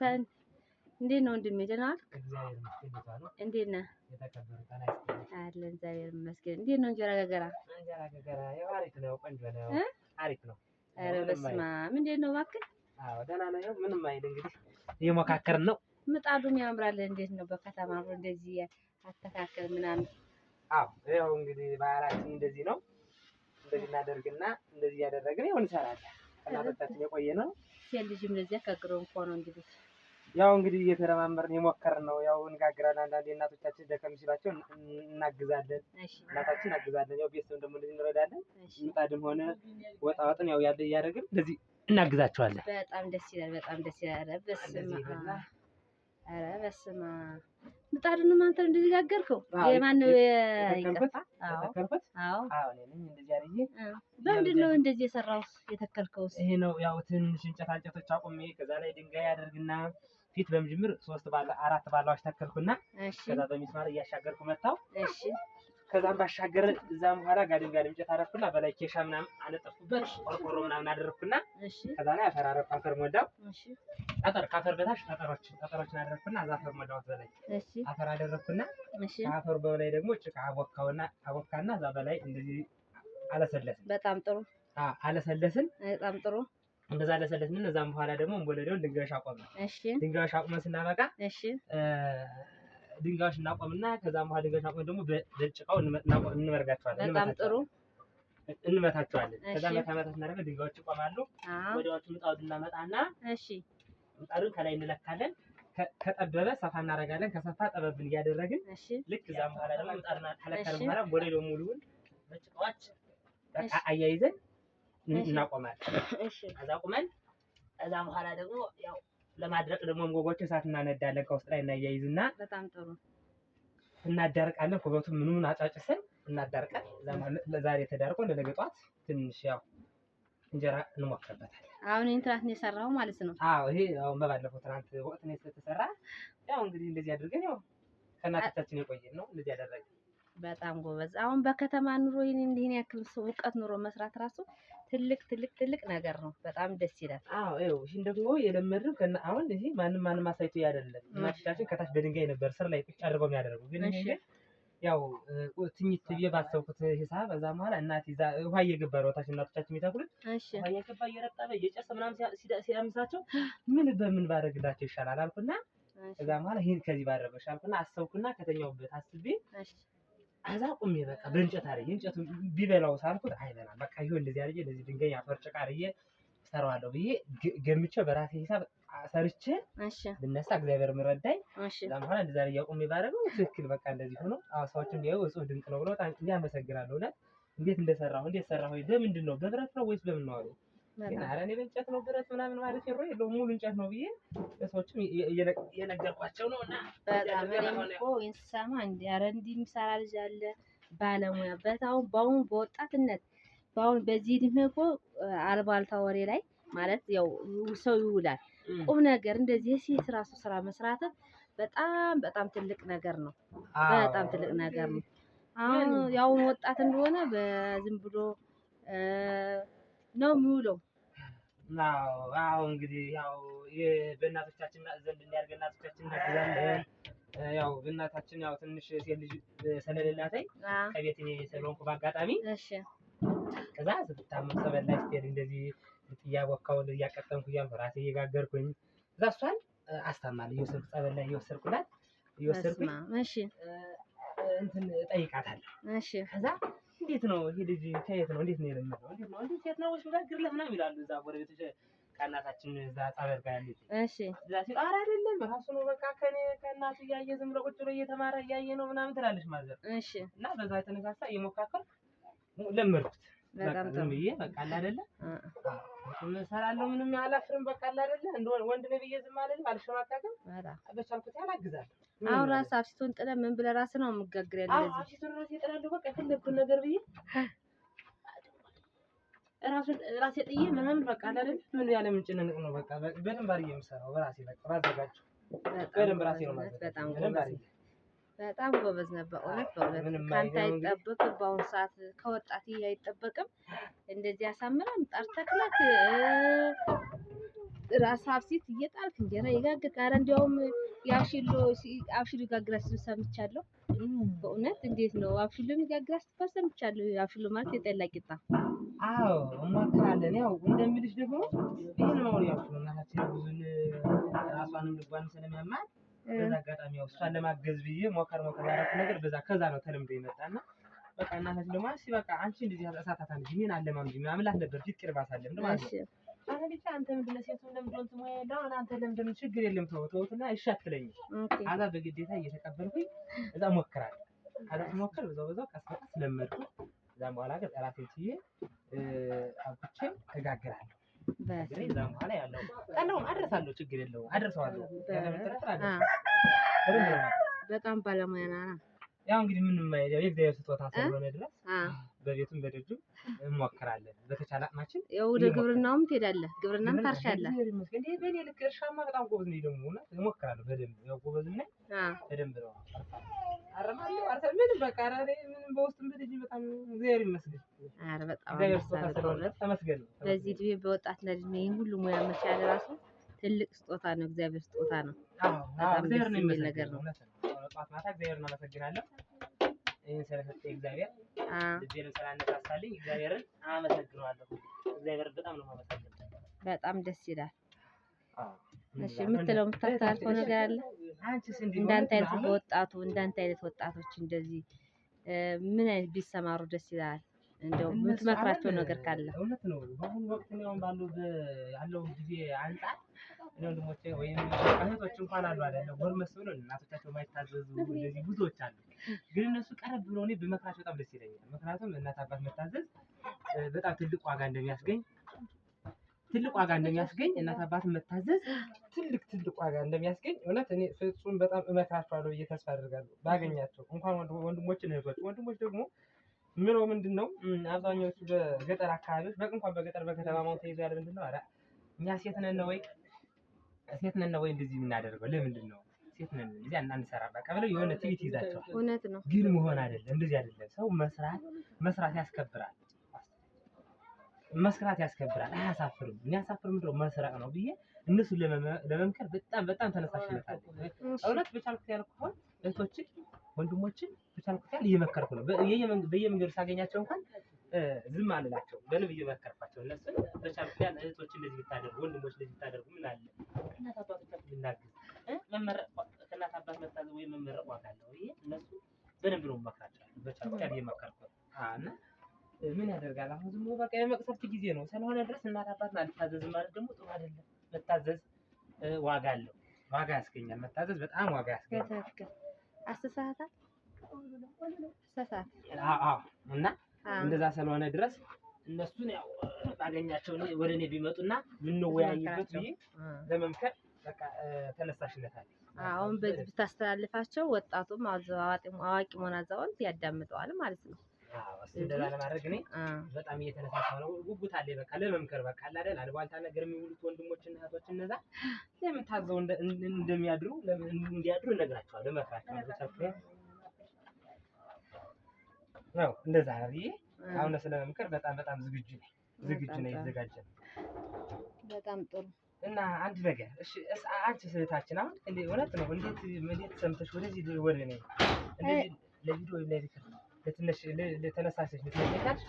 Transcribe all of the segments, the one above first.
ተጻፈን። እንዴት ነው ወንድሜ? ደህና ዋልክ? እንዴት ነህ? አለን እግዚአብሔር ይመስገን። እንዴት ነው እንጀራ ገገራ? ኧረ በስመ አብ እንዴት ነው እባክህ? ምንም አይል እንግዲህ እየሞካከርን ነው። ምጣዱም ያምራል። እንዴት ነው በከተማ አብሮ እንደዚህ አተካከል ምናምን? አዎ ያው እንግዲህ ባህላችን እንደዚህ ነው። እንደዚህ እናደርግና እንደዚህ እያደረግን ይሁን እንሰራለን። እናቶቻችን የቆየ ነው። ልጅም እንደዚህ ከግሮ እንኳን ነው እንግዲህ ያው እንግዲህ እየተረማመርን የሞከርን ነው። ያው እንጋግራለን። አንዳንዴ እናቶቻችን ደከም ሲላቸው እናግዛለን፣ እናታችን እናግዛለን። ያው ቤተሰብ ደግሞ እንደዚህ እንረዳለን። ምጣድም ሆነ ወጣ ወጥን ያው ያለ እያደረግን እንደዚህ እናግዛቸዋለን። በጣም ደስ ይላል። በጣም ደስ ይላል። ኧረ በስመ አብ ምጣዱንም አንተ እንደዚህ ጋገርከው? የማን ነው የይቀፋ? አዎ አዎ፣ እንደዚህ አድርጌ በምንድን ነው እንደዚህ የሰራው የተከልከው? ይሄ ነው ያው ትንሽ እንጨት እንጨቶች አቁሜ ከዛ ላይ ድንጋይ አደርግና ፊት በመጀመር ሶስት ባለ አራት ባላዎች ተከልኩና ከዛ በሚስማር እያሻገርኩ መታው። እሺ ከዛም ባሻገር እዛም በኋላ ጋድም ጋድም እንጨት አረፍኩና በላይ ኬሻ ምናምን አነጠፍኩበት፣ ቆርቆሮ ምናምን አደረኩና ከዛ ላይ አፈር አረፍ አፈር ሞላው። እሺ አፈር ካፈር በታች ጠጠሮች ጠጠሮችን አደረፍኩና እዛ አፈር ሞላው በላይ እሺ አፈር አደረፍኩና እሺ አፈር በላይ ደግሞ ጭቃ አቦካውና አቦካና እዛ በላይ እንደዚህ አለሰለስን። በጣም ጥሩ አለሰለስን። በጣም ጥሩ እንደዛ ምን እነዛም በኋላ ደግሞ ወለደውን ድንጋዮች አቆምን። እሺ፣ ድንጋዮች አቆመ ስናበቃ እሺ፣ ድንጋዮች እናቆምና ከዛም በኋላ ድንጋዮች አቆመ ደግሞ በጭቃው እንመርጋቸዋለን። በጣም ጥሩ እንመታቸዋለን። ከዛ መታ መታ ስናደርገው ድንጋዮች ይቆማሉ። ወዲያዎቹ ምጣዱን እናመጣና እሺ፣ ምጣዱን ከላይ እንለካለን። ከጠበበ ሰፋ እናደርጋለን። ከሰፋ ጠበብን እያደረግን ልክ እዛም በኋላ ደግሞ ምጣዱን ከለከልን በኋላ ወለደው ሙሉውን በጭቃዎች አያይዘን እናቆማለን። ከዛ ቁመን ከዛ በኋላ ደግሞ ያው ለማድረቅ ደግሞ ጎጎች እሳት እናነዳለን። ከውስጥ ላይ እናያይዝና በጣም ጥሩ እናዳርቃለን። ኩበቱ ምኑን አጫጭሰን እናዳርቀን። ለዛሬ ተዳርቆ ለነገ ጠዋት ትንሽ ያው እንጀራ እንሞክርበታለን አሁን ትናንት ነው የሰራው ማለት ነው። አዎ ይሄ አሁን በባለፈው ትናንት ወቅት ነው የተሰራ። ያው እንግዲህ እንደዚህ አድርገን ያው ከእናቶቻችን የቆየን ነው እንደዚህ አደረግን። በጣም ጎበዝ። አሁን በከተማ ኑሮ ይህን እንዲህን ያክል እውቀት ኑሮ መስራት ራሱ ትልቅ ትልቅ ትልቅ ነገር ነው። በጣም ደስ ይላል። አዎ ይኸው ይህን ደግሞ የለመድነው ከና አሁን እዚህ ማንም ማንም አሳይቶ ያደለም እናቶቻችን ከታች በድንጋይ ነበር ስር ላይ ቁጭ አድርገው የሚያደርጉ ግን ያው ትኝት ብዬ ባሰብኩት ሂሳብ እዛ በኋላ እናት ይዛ ውሃ እየገባ ነው ታች እናቶቻችን የሚተኩሉት ውሃ እየገባ እየረጠበ እየጨሰ ምናምን ሲያምሳቸው ምን በምን ባደርግላቸው ይሻላል አልኩና እዛ በኋላ ይህን ከዚህ ባደረገሽ አልኩና አሰብኩና ከተኛውበት አስቤ ከዛ ቁሜ በቃ በእንጨት አርዬ እንጨቱ ቢበላው ሳልኩት አይበላ በቃ ይኸው እንደዚህ አርዬ እንደዚህ ድንጋይ አፈር ጭቃ አርዬ ሰራዋለሁ ብዬ ገምቼ በራሴ ሂሳብ ሰርቼ ብነሳ እግዚአብሔር ምረዳኝ። ከዛም በኋላ እንደዛ አርዬ ቁሜ ባደረገው ትክክል በቃ እንደዚህ ሆኖ ሰዎች እንዲያዩ እጹብ ድንቅ ነው ብለው ያመሰግናለሁ። እውነት እንዴት እንደሰራሁ እንዴት ሰራሁ፣ በምንድን ነው በብረት ነው ወይስ በምን ነው አሉ ኧረ እኔ በእንጨት ነው ብረት ምናምን ማለት የለውም ሙሉ እንጨት ነው ብዬ ለሰዎችም ነው። እና በጣም እኮ እንዲህ የሚሰራ ልጅ አለ ባለሙያ በአሁኑ በወጣትነት በአሁን በዚህ እድሜ እኮ አልባልታ ወሬ ላይ ማለት ያው ሰው ይውላል። ቁም ነገር እንደዚህ የሴት ራሱ ስራ በጣም በጣም ትልቅ ነገር ነው። በጣም ትልቅ ነገር ነው። አሁን ያው ወጣት እንደሆነ በዝም ብሎ ነው የሚውለው። አዎ እንግዲህ ያው በእናቶቻችን ዘንድ እንዲያድግ እናቶቻችን እናግዛለን። ያው በእናታችን ያው ትንሽ ሴት ልጅ ስለሌላተኝ ከቤት እኔ ስለሆንኩ በአጋጣሚ ከዛ ስትታመም ሰበላይ ስትሄድ እንደዚህ እያቦካው እያቀጠምኩ እያልኩ ራሴ እየጋገርኩኝ ከዛ እሷን አስታማለሁ እየወሰድኩ ጸበላይ እየወሰድኩላት እየወሰድኩኝ እንትን እጠይቃታለሁ ከዛ እንዴት ነው ይሄ ልጅ ከየት ነው? እንዴት ነው የለመደው? እንዴት ነው እንዴት ሴት ነው ወይስ ግር ለፍና ይላሉ። እዛ ጎረቤቶች ከእናታችን እዛ ጸበል ጋር ያለች እሺ፣ እዛ ሲል ኧረ አይደለም ራሱ ነው በቃ ከኔ ከእናቱ እያየ ዝም ብሎ ቁጭ ብሎ እየተማረ እያየ ነው ምናምን ትላለች ማዘር። እሺ። እና በዛ የተነሳሳ እየሞካከል ለመድኩት። በጣም ጥሩ በቃ አለ አይደለ እሰራለሁ፣ ምንም አላፍርም። በቃ አለ አይደለ እንደው ወንድ ነው ብዬ ዝም አልልም፣ አልሸማቀቅም። በቻልኩት ያህል አሁን ራስ አፍሲቱን ጥለ ምን ብለ ራስ ነው የምጋግር ያለ እዚህ አፍሲቱን ራስ ይጥላለሁ። በቃ ከለብን ነገር ብዬ ራስ ራስ ጥዬ ምንም በቃ አይደል ምን ያለ ምን ጭንቅ ነው በቃ በደንብ አድርጌ የምሰራው ራሴ በቃ ባዘጋጅ በደንብ ራሴ ነው ማለት በጣም ጎበዝ በጣም ጎበዝ ነበር። እውነት በእውነት ካንተ አይጠበቅም። በአሁኑ ሰዓት ከወጣት አይጠበቅም። እንደዚህ አሳምረን ጣር ራስ አብሲት እየጣልክ እንጀራ አረ እንዲያውም የአብሽሎ አብሽሎ ይጋግራል ሲሉ ሰምቻለሁ። በእውነት እንዴት ነው አብሽሎ ይጋግራል ሲባል ሰምቻለሁ። አብሽሎ ማለት የጠላ ቂጣ። አዎ እሞክራለን። ያው እንደሚልሽ ደግሞ ይሄን ነው ያው እናታችን ብዙን ራሷንም ልጓን ስለሚያማት በዛ አጋጣሚ ያው እሷን ለማገዝ ብዬ ሞከር ሞከር ያደረኩት ነገር በዛ ከዛ ነው ተለምዶ ይመጣና በቃ እናታችን ደግሞ በቃ አንቺ እንደዚህ አሳታታ ልጅ ምን አለማምጂ ምናምን ላት ነበር ፊት ቅርብ አሳለም ማለት ነው አረ ብቻ አንተ ምንድን ነው ሴቱ ለምንድን ነው አሁን አንተ ለምንድን ችግር የለም ተው ተውትና እሺ አትለኝም። አዛ በግዴታ እየተቀበልኩኝ እዛ ሞክራለሁ። አዛ ሞክር በዛው በዛው ቀስ ለመድኩ። እዛም በኋላ ግን ራሴን ችዬ አብቼ ተጋግራለሁ። በጣም ባለሙያ ናና ያው እንግዲህ ምንም የእግዚአብሔር ስጦታ ስለሆነ ድረስ በቤቱም በደጁም እንሞክራለን። በተቻለ አቅማችን ያው ወደ ግብርናውም ትሄዳለህ፣ ግብርናም ታርሻለህ። በእኔ ልክ እርሻማ በጣም ጎበዝ ነኝ። ደግሞ እሞክራለሁ በደንብ ያው ጎበዝ ነኝ በደንብ ነው። አረማለሁ ምንም በቃ ምንም በውስጥም በደጅ በጣም እግዚአብሔር ይመስገን። በጣም ተመስገን። በዚህ እድሜ ሁሉ ሙያ መቻል ራሱ ትልቅ ስጦታ ነው፣ እግዚአብሔር ስጦታ ነው። በጣም ደስ የሚል ነገር ነው። ጠዋት ማታ ይህን ስለሰጠኝ እግዚአብሔር ልቤንም ስላነሳሳልኝ እግዚአብሔርን አመሰግነዋለሁ። በጣም ነው የማመሰግነው። በጣም ደስ ይላል። እሺ የምትለው የምታስተላልፈው ነገር አለ? እንዳንተ አይነት ወጣቱ እንዳንተ አይነት ወጣቶች እንደዚህ ምን አይነት ቢሰማሩ ደስ ይላል? እንደው የምትመክራቸው ነገር ካለ እውነት ነው። በአሁኑ ወቅት ያለው ጊዜ አንጻር ወንድሞቼ ወይም እህቶች እንኳን አሉ አይደለ ጎርመስ ብሎ እናቶቻቸው የማይታዘዙ እንደዚህ ብዙዎች አሉ። ግን እነሱ ቀረብ ብሎ እኔ በመክራቸው በጣም ደስ ይለኛል። ምክንያቱም እናት አባት መታዘዝ በጣም ትልቅ ዋጋ እንደሚያስገኝ ትልቅ ዋጋ እንደሚያስገኝ እናት አባት መታዘዝ ትልቅ ትልቅ ዋጋ እንደሚያስገኝ እውነት እኔ ፍጹም በጣም እመክራቸዋለሁ ብዬ ተስፋ አድርጋለሁ። ባገኛቸው እንኳን ወንድሞችን እህቶች ወንድሞች ደግሞ ምነው ምንድን ነው አብዛኛዎቹ በገጠር አካባቢዎች በቅንኳን በገጠር በከተማ ማውተይዘ ያለ ምንድን ነው እኛ ሴት ነን ወይ ሴት ነን ወይ እንደዚህ የምናደርገው? ለምንድን ነው ሴት ነን እንደዚህ አንሰራ? በቃ ብለው የሆነ ትዕቢት ይዛቸዋል። እውነት ነው፣ ግን መሆን አይደለም እንደዚህ አይደለም። ሰው መስራት መስራት ያስከብራል፣ መስራት ያስከብራል፣ አያሳፍርም። የሚያሳፍር ምንድን ነው መስራቅ ነው ብዬ እነሱን ለመምከር በጣም በጣም ተነሳሽነት አለ። እውነት በቻልኩት ያልኩ ሆን እህቶችን ወንድሞችን በቻልኩት ያል እየመከርኩ ነው። በየመንገዱ ሳገኛቸው እንኳን ዝም አንላቸው። በነብዩ መከርኳቸው እነሱን በቻምፒያን እህቶች እንደዚህ ብታደርጉ፣ ወንድሞች እንደዚህ ብታደርጉ ምን አለ እናት አባቶቻችን ብናግዝ መመረቅ ከእናት አባት መታዘ ወይ መመረቅ ዋጋ አለው። ይሄ እነሱ በደንብ ነው መክራቸው በቻምፒያን ያህል የመከርኩት እና ምን ያደርጋል አሁን ዝም በቃ የመቅሰፍት ጊዜ ነው ስለሆነ ድረስ እናት አባት አልታዘዝ ማለት ደግሞ ጥሩ አይደለም። መታዘዝ ዋጋ አለው። ዋጋ ያስገኛል። መታዘዝ በጣም ዋጋ ያስገኛል። አስተሳሰብ አስተሳሰብ እና እንደዛ ስለሆነ ድረስ እነሱን ያው ባገኛቸው ወደ እኔ ቢመጡና የምንወያይበት ብዬ ለመምከር በቃ ተነሳሽነት አለ። አሁን በዚህ ብታስተላልፋቸው ወጣቱም አዋቂ መሆን አዛውንት ያዳምጠዋል ማለት ነው። እንደዛ ለማድረግ እኔ በጣም እየተነሳሳሁ ነው። ጉጉት አለ በቃ ለመምከር በቃ አለ አይደል አልባልታ ነገር የሚውሉት እና እህቶች እነዛ የምታዘው እንደሚያድሩ እንዲያድሩ እነግራቸዋለሁ፣ እመክራቸዋለሁ። ነው እንደዛ ነው ብዬ አሁን ስለመምከር በጣም በጣም ዝግጁ ነኝ ዝግጁ ነኝ ይዘጋጃል በጣም ጥሩ እና አንድ ነገር እሺ አንቺ ስህታችን አሁን እንዴ እውነት ነው እንዴት እንዴት ሰምተሽ ወደዚህ ወደ እኔ እንደዚህ ለቪዲዮ ለሪከርድ ለትንሽ ለተነሳሽሽ ለተነሳሽ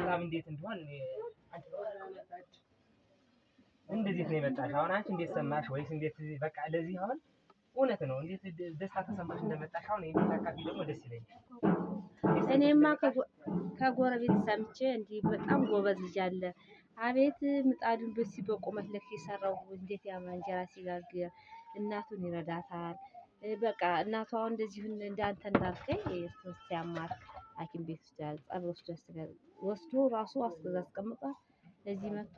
በጣም እንዴት እንደሆን እንዴት ነው የመጣሽ አሁን አንቺ እንዴት ሰማሽ ወይስ እንዴት በቃ ለዚህ አሁን እውነት ነው እንዴት ደስታ ተሰማሽ እንደመጣሽ አሁን ይሄን ደግሞ ደስ ይለኛል እኔማ ከጎረቤት ሰምቼ እንዲህ በጣም ጎበዝ ልጅ አለ አቤት ምጣዱን በዚህ በቁመት ልክ የሰራው እንዴት ያምራ እንጀራ ሲጋግር እናቱን ይረዳታል። በቃ እናቱ አሁን እንደዚሁ እንዳንተ እንዳልከኝ እሱን ሲያማር ሐኪም ቤት ይወስዳል። ጸበል ወስዶ ያስተጋል ወስዶ ራሱ አስገዛ አስቀምጧ እዚህ መጥቶ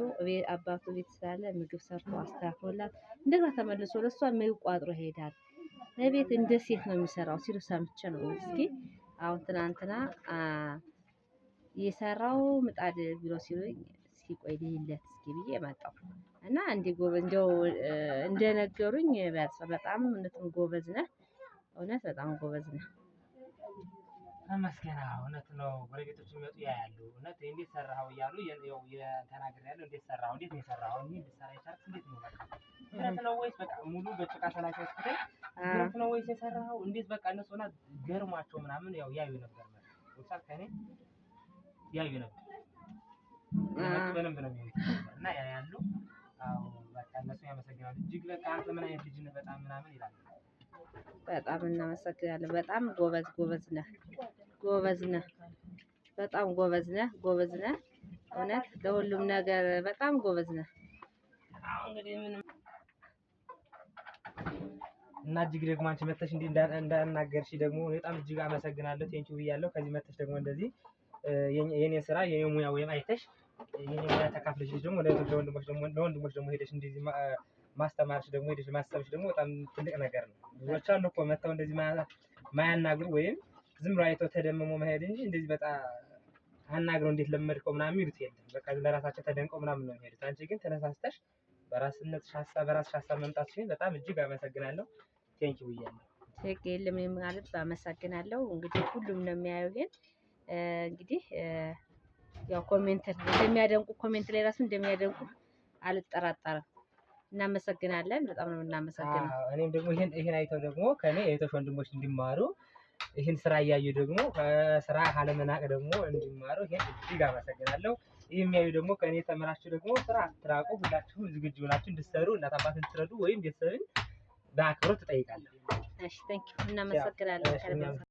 አባቱ ቤት ስላለ ምግብ ሰርቶ አስተካክሎላት እንደገና ተመልሶ ለእሷ ምግብ ቋጥሮ ይሄዳል። ለቤት እንደ ሴት ነው የሚሰራው ሲሉ ሰምቼ ነው እስኪ አሁን ትናንትና የሰራው ምጣድ ቢሮ ሲሉኝ ሲቆይ ልሂለት እስኪ ብዬ መጣሁ እና እንዲህ ጎበዝ እንደው እንደነገሩኝ በጣም እውነትም ጎበዝ ነህ፣ እውነት በጣም ጎበዝ ነህ ተመስገን እውነት ነው። ጎረቤቶች የሚመጡ ያያሉ። እውነት እንዴት ሰራኸው እያሉ ተናገር ያለው እንዴት ሰራኸው፣ እንዴት ነው የሰራኸው፣ እንዴት ሰራ ይቻልክ፣ እንዴት ነው በቃ ብረት ነው ወይስ በቃ ሙሉ በጭቃ ሰላሳዎች ክፍል ብረት ነው ወይስ የሰራኸው፣ እንዴት በቃ እነሱ ሆና ገርሟቸው ምናምን ያው ያዩ ነበር ማለት ከኔ ያዩ ነበር በደንብ ነው እና ያያሉ። አዎ በቃ እነሱ ያመሰግናሉ። እጅግ በቃ አንተ ምን አይነት ልጅ ነህ በጣም ምናምን ይላሉ። በጣም እናመሰግናለን። በጣም ጎበዝ ጎበዝ ነህ። ጎበዝ ነህ፣ በጣም ጎበዝ ነህ፣ ጎበዝ ነህ። እውነት ለሁሉም ነገር በጣም ጎበዝ ነህ። እና እጅግ ደግሞ አንቺ መተሽ እንዲህ እንዳናገርሽ ደግሞ በጣም እጅግ አመሰግናለሁ። ቴንኪው ብያለሁ። ከዚህ መተሽ ደግሞ እንደዚህ የኔ ስራ የኔ ሙያ ወይም አይተሽ የኔ ሙያ ተካፍለሽ ደግሞ ለወንድሞች ደግሞ ለወንድሞች ደግሞ ሄደሽ እንደዚህ ማስተማርሽ ደግሞ ሄደሽ ማሰብሽ ደግሞ በጣም ትልቅ ነገር ነው። ብዙዎች አሉ እኮ መተው እንደዚህ ማያናግሩ ወይም ዝም ብሎ አይቶ ተደምሞ መሄድ እንጂ እንደዚህ በጣም አናግረው እንዴት ለመድከው ምናምን የሚሉት የለም። በቃ ለራሳቸው ተደንቀው ምናምን ነው የሚሄዱት። አንቺ ግን ተነሳስተሽ በራስነት ሻሳ በራስ ሻሳ መምጣት ሲሆን በጣም እጅግ አመሰግናለሁ። ቴንኪ ብያለሁ። ትግ የለም ማለት አመሰግናለሁ። እንግዲህ ሁሉም ነው የሚያየው ግን እንግዲህ ያው ኮሜንት እንደሚያደንቁ ኮሜንት ላይ ራሱ እንደሚያደንቁ አልጠራጠርም። እናመሰግናለን። በጣም ነው እናመሰግናለን። እኔም ደግሞ ይሄን ይሄን አይተው ደግሞ ከኔ የእህቶች ወንድሞች እንዲማሩ ይህን ስራ እያዩ ደግሞ ከስራ አለመናቅ ደግሞ እንዲማሩ ይህን እጅግ አመሰግናለሁ። ይህ የሚያዩ ደግሞ ከእኔ ተምራችሁ ደግሞ ስራ አትራቁ። ሁላችሁም ዝግጁ ሆናችሁ እንድትሰሩ እናት አባትን ትረዱ ወይም ቤተሰብን በአክብሮት ትጠይቃለሁ። እናመሰግናለን።